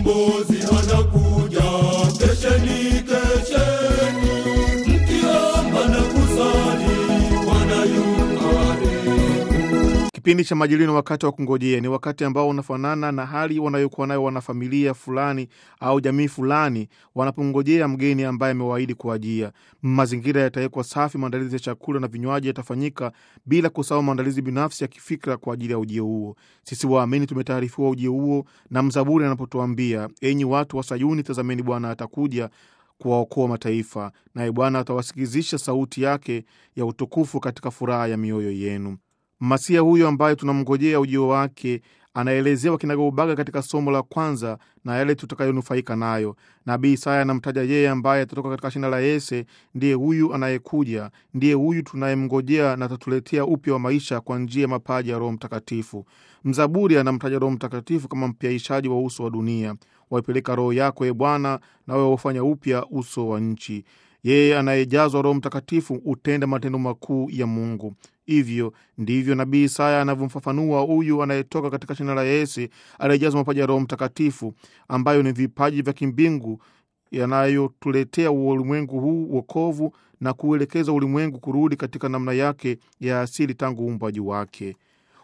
mkombozi anaku Kipindi cha majilio ni wakati wa kungojea, ni wakati ambao unafanana na hali wanayokuwa nayo wanafamilia fulani au jamii fulani wanapongojea mgeni ambaye amewaahidi kuajia. Mazingira yatawekwa safi, maandalizi ya chakula na vinywaji yatafanyika bila kusahau maandalizi binafsi ya kifikra kwa ajili ya ujio huo. Sisi waamini tumetaarifiwa ujio huo na mzaburi anapotuambia, enyi watu wa Sayuni, tazameni Bwana atakuja kuwaokoa mataifa, naye Bwana atawasikizisha sauti yake ya utukufu katika furaha ya mioyo yenu masiya huyo ambaye tunamngojea ujio wake anaelezewa kinagaubaga katika somo la kwanza na yale tutakayonufaika nayo. Nabii Isaya anamtaja yeye ambaye atatoka katika shina la Yese, ndiye huyu anayekuja, ndiye huyu tunayemngojea na atatuletea upya wa maisha kwa njia ya mapaji ya Roho Mtakatifu. Mzaburi anamtaja Roho Mtakatifu kama mpyaishaji wa uso wa dunia. Waipeleka roho yako, e Bwana, nawe waufanya upya uso wa nchi. Yeye anayejazwa Roho Mtakatifu hutenda matendo makuu ya Mungu. Hivyo ndivyo nabii Isaya anavyomfafanua huyu anayetoka katika shina la Yese aliyejazwa mapaja ya Roho Mtakatifu, ambayo ni vipaji vya kimbingu yanayotuletea ulimwengu huu wokovu na kuelekeza ulimwengu kurudi katika namna yake ya asili tangu uumbaji wake.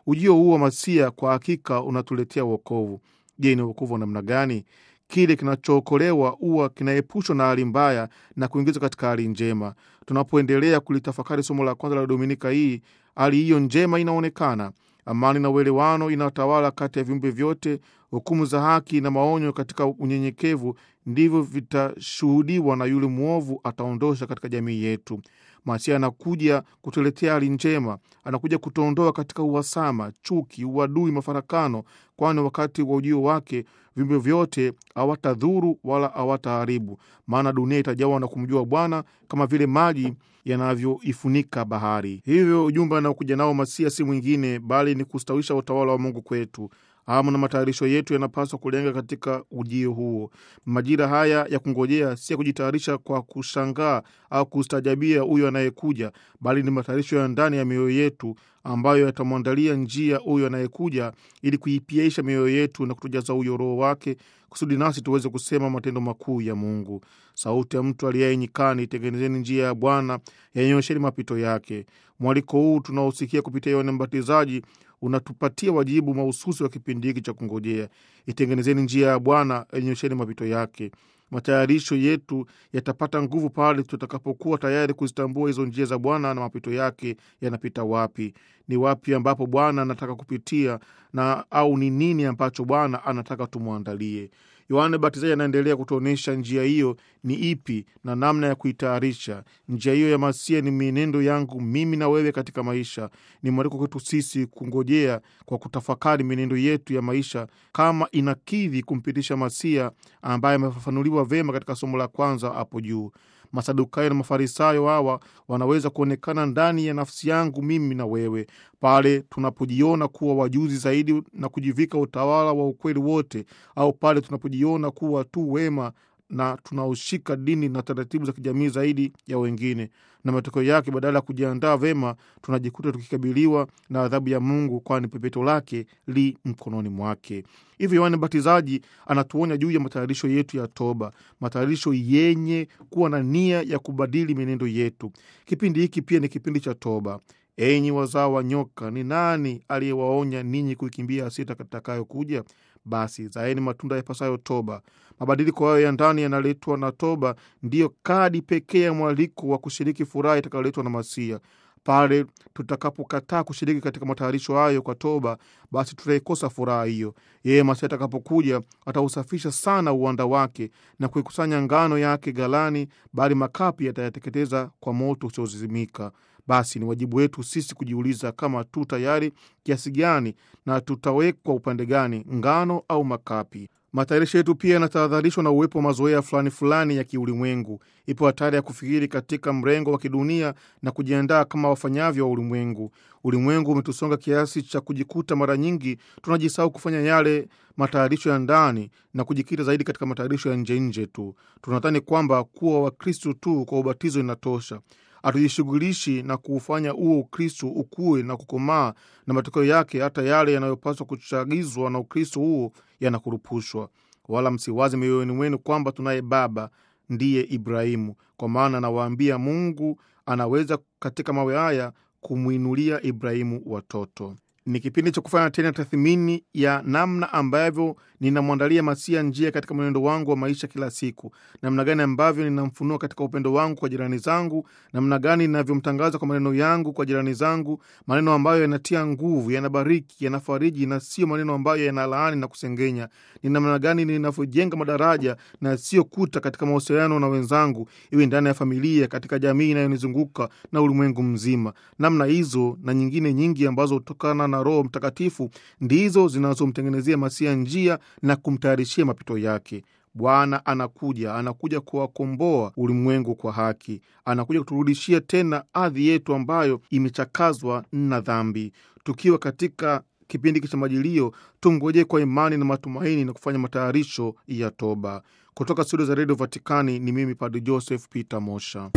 Ujio huu wa Masia kwa hakika unatuletea wokovu. Je, ni wokovu wa namna gani? kile kinachookolewa huwa kinaepushwa na hali mbaya na kuingizwa katika hali njema. Tunapoendelea kulitafakari somo la kwanza la Dominika hii, hali hiyo njema inaonekana. Amani na uelewano inatawala kati ya viumbe vyote. Hukumu za haki na maonyo katika unyenyekevu ndivyo vitashuhudiwa na yule mwovu ataondosha katika jamii yetu. Masia anakuja kutuletea hali njema, anakuja kutuondoa katika uhasama, chuki, uadui, mafarakano kwani wakati wa ujio wake viumbe vyote hawatadhuru wala hawataharibu, maana dunia itajawa na kumjua Bwana kama vile maji yanavyoifunika bahari. Hivyo ujumbe anaokuja nao Masia si mwingine bali ni kustawisha utawala wa Mungu kwetu, Hamu na matayarisho yetu yanapaswa kulenga katika ujio huo. Majira haya ya kungojea si ya kujitayarisha kwa kushangaa au kustajabia huyo anayekuja, bali ni matayarisho ya ndani ya mioyo yetu ambayo yatamwandalia njia huyo anayekuja, ili kuipiaisha mioyo yetu na kutujaza huyo Roho wake, kusudi nasi tuweze kusema matendo makuu ya Mungu. Sauti ya mtu aliaye nyikani, itengenezeni njia ya Bwana, yanyosheni mapito yake. Mwaliko huu tunaosikia kupitia Yohane Mbatizaji unatupatia wajibu mahususi wa kipindi hiki cha kungojea. Itengenezeni njia ya Bwana, elinyosheni mapito yake. Matayarisho yetu yatapata nguvu pale tutakapokuwa tayari kuzitambua hizo njia za Bwana na mapito yake yanapita wapi, ni wapi ambapo Bwana anataka kupitia na au ni nini ambacho Bwana anataka tumwandalie. Yohana Batizaji anaendelea kutuonyesha njia hiyo ni ipi na namna ya kuitayarisha. Njia hiyo ya masia ni mienendo yangu mimi na wewe katika maisha. Ni mwaliko kwetu sisi kungojea kwa kutafakari mienendo yetu ya maisha kama inakidhi kumpitisha masia ambaye amefafanuliwa vema katika somo la kwanza hapo juu. Masadukayo na Mafarisayo hawa wanaweza kuonekana ndani ya nafsi yangu mimi na wewe, pale tunapojiona kuwa wajuzi zaidi na kujivika utawala wa ukweli wote, au pale tunapojiona kuwa tu wema na tunaoshika dini na taratibu za kijamii zaidi ya wengine, na matokeo yake, badala ya kujiandaa vema, tunajikuta tukikabiliwa na adhabu ya Mungu, kwani pepeto lake li mkononi mwake. Hivyo Yohane Mbatizaji anatuonya juu ya matayarisho yetu ya toba, matayarisho yenye kuwa na nia ya kubadili menendo yetu. Kipindi hiki pia ni kipindi cha toba. Enyi wazao wa nyoka, ni nani aliyewaonya ninyi kuikimbia hasira katakayo kuja? basi zaeni matunda yapasayo toba. Mabadiliko hayo ya ndani yanaletwa na toba, ndiyo kadi pekee ya mwaliko wa kushiriki furaha itakayoletwa na Masia. Pale tutakapokataa kushiriki katika matayarisho hayo kwa toba, basi tutaikosa furaha hiyo. Yeye Masihi atakapokuja atausafisha sana uwanda wake na kuikusanya ngano yake galani bali makapi yatayateketeza kwa moto usiozimika. Basi ni wajibu wetu sisi kujiuliza kama tu tayari kiasi gani na tutawekwa upande gani, ngano au makapi. Matayarisho yetu pia yanatahadharishwa na uwepo wa mazoea fulani fulani ya kiulimwengu. Ipo hatari ya kufikiri katika mrengo wa kidunia na kujiandaa kama wafanyavyo wa ulimwengu. Ulimwengu umetusonga kiasi cha kujikuta mara nyingi tunajisahau kufanya yale matayarisho ya ndani na kujikita zaidi katika matayarisho ya nje nje tu. Tunadhani kwamba kuwa Wakristo tu kwa ubatizo inatosha atujishughulishi na kuufanya huo Ukristo ukuwe na kukomaa, na matokeo yake hata yale yanayopaswa kuchagizwa na Ukristo huo yanakurupushwa. Wala msiwazi mioyoni mwenu kwamba tunaye baba ndiye Ibrahimu, kwa maana anawaambia, Mungu anaweza katika mawe haya kumwinulia Ibrahimu watoto ni kipindi cha kufanya tena tathmini ya namna ambavyo ninamwandalia Masia njia katika mwenendo wangu wa maisha kila siku, namna gani ambavyo ninamfunua katika upendo wangu kwa jirani zangu, namna gani ninavyomtangaza kwa maneno yangu kwa jirani zangu, maneno ambayo yanatia nguvu, yanabariki, yanafariji na sio maneno ambayo yanalaani na kusengenya. Ni namna gani ninavyojenga madaraja na sio kuta katika mahusiano na wenzangu, iwe ndani ya familia, katika jamii inayonizunguka na ulimwengu mzima. Namna hizo na nyingine nyingi ambazo hutokana na na Roho Mtakatifu ndizo zinazomtengenezea Masia njia na kumtayarishia mapito yake. Bwana anakuja, anakuja kuwakomboa ulimwengu kwa haki, anakuja kuturudishia tena ardhi yetu ambayo imechakazwa na dhambi. Tukiwa katika kipindi cha majilio, tungoje kwa imani na matumaini na kufanya matayarisho ya toba. Kutoka studio za redio Vatikani ni mimi Padre Joseph Peter Mosha.